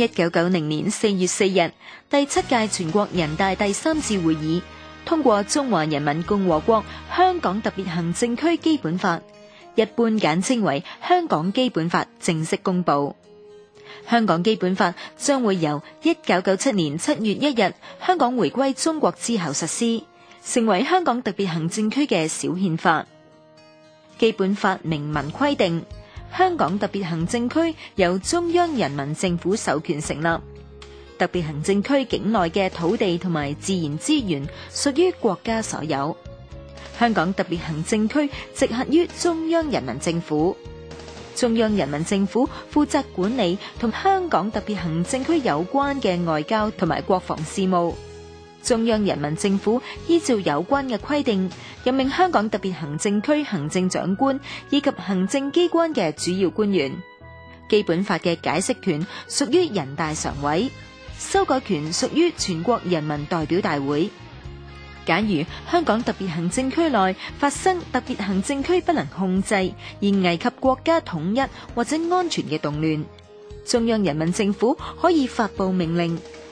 一九九零年四月四日，第七屆全國人大第三次會議通過《中華人民共和國香港特別行政區基本法》，一般簡稱為《香港基本法》，正式公布。香港基本法將會由一九九七年七月一日香港回歸中國之後實施，成為香港特別行政區嘅小憲法。基本法明文規定。香港特別行政區由中央人民政府授權成立，特別行政區境內嘅土地同埋自然資源屬於國家所有。香港特別行政區直轄於中央人民政府，中央人民政府負責管理同香港特別行政區有關嘅外交同埋國防事務。中央人民政府依照有關嘅規定，任命香港特別行政區行政長官以及行政機關嘅主要官員。基本法嘅解釋權屬於人大常委，修改權屬於全國人民代表大會。假如香港特別行政區內發生特別行政區不能控制而危及國家統一或者安全嘅動亂，中央人民政府可以發佈命令。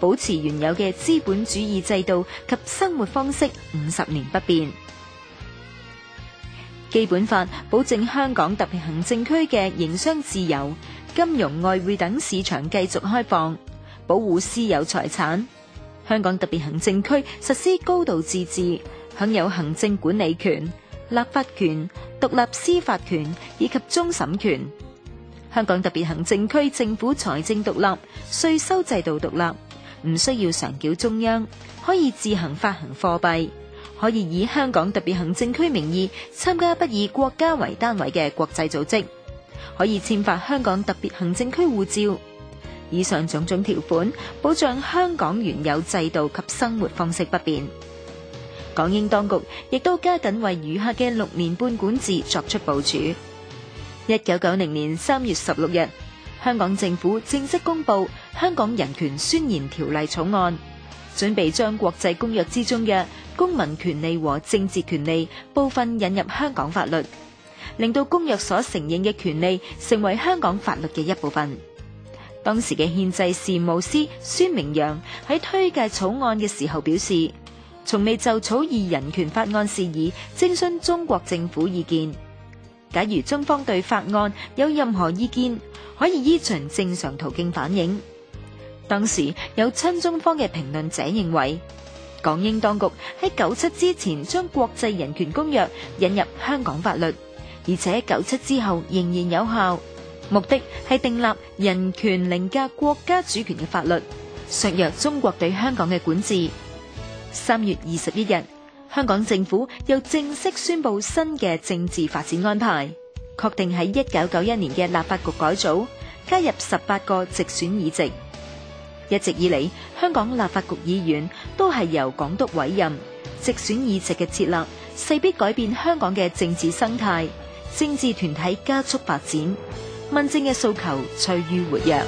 保持原有嘅資本主義制度及生活方式五十年不變。基本法保證香港特別行政區嘅營商自由、金融、外匯等市場繼續開放，保護私有財產。香港特別行政區實施高度自治，享有行政管理權、立法權、獨立司法權以及終審權。香港特別行政區政府財政獨立，稅收制度獨立。唔需要上繳中央，可以自行發行貨幣，可以以香港特別行政區名義參加不以國家為單位嘅國際組織，可以簽發香港特別行政區護照。以上種種條款保障香港原有制度及生活方式不變，港英當局亦都加緊為餘下嘅六年半管治作出部署。一九九零年三月十六日。香港政府正式公布《香港人權宣言條例草案》，準備將國際公約之中嘅公民權利和政治權利部分引入香港法律，令到公約所承認嘅權利成為香港法律嘅一部分。當時嘅憲制事務司孫明揚喺推介草案嘅時候表示，從未就草擬人權法案事宜徵詢中國政府意見。假如中方對法案有任何意見，可以依循正常途徑反映。當時有親中方嘅評論者認為，港英當局喺九七之前將《國際人權公約》引入香港法律，而且九七之後仍然有效，目的係訂立人權凌駕國家主權嘅法律，削弱中國對香港嘅管治。三月二十一日。香港政府又正式宣布新嘅政治發展安排，確定喺一九九一年嘅立法局改組加入十八個直選議席。一直以嚟，香港立法局議員都係由港督委任，直選議席嘅設立勢必改變香港嘅政治生態，政治團體加速發展，民政嘅訴求趨於活躍。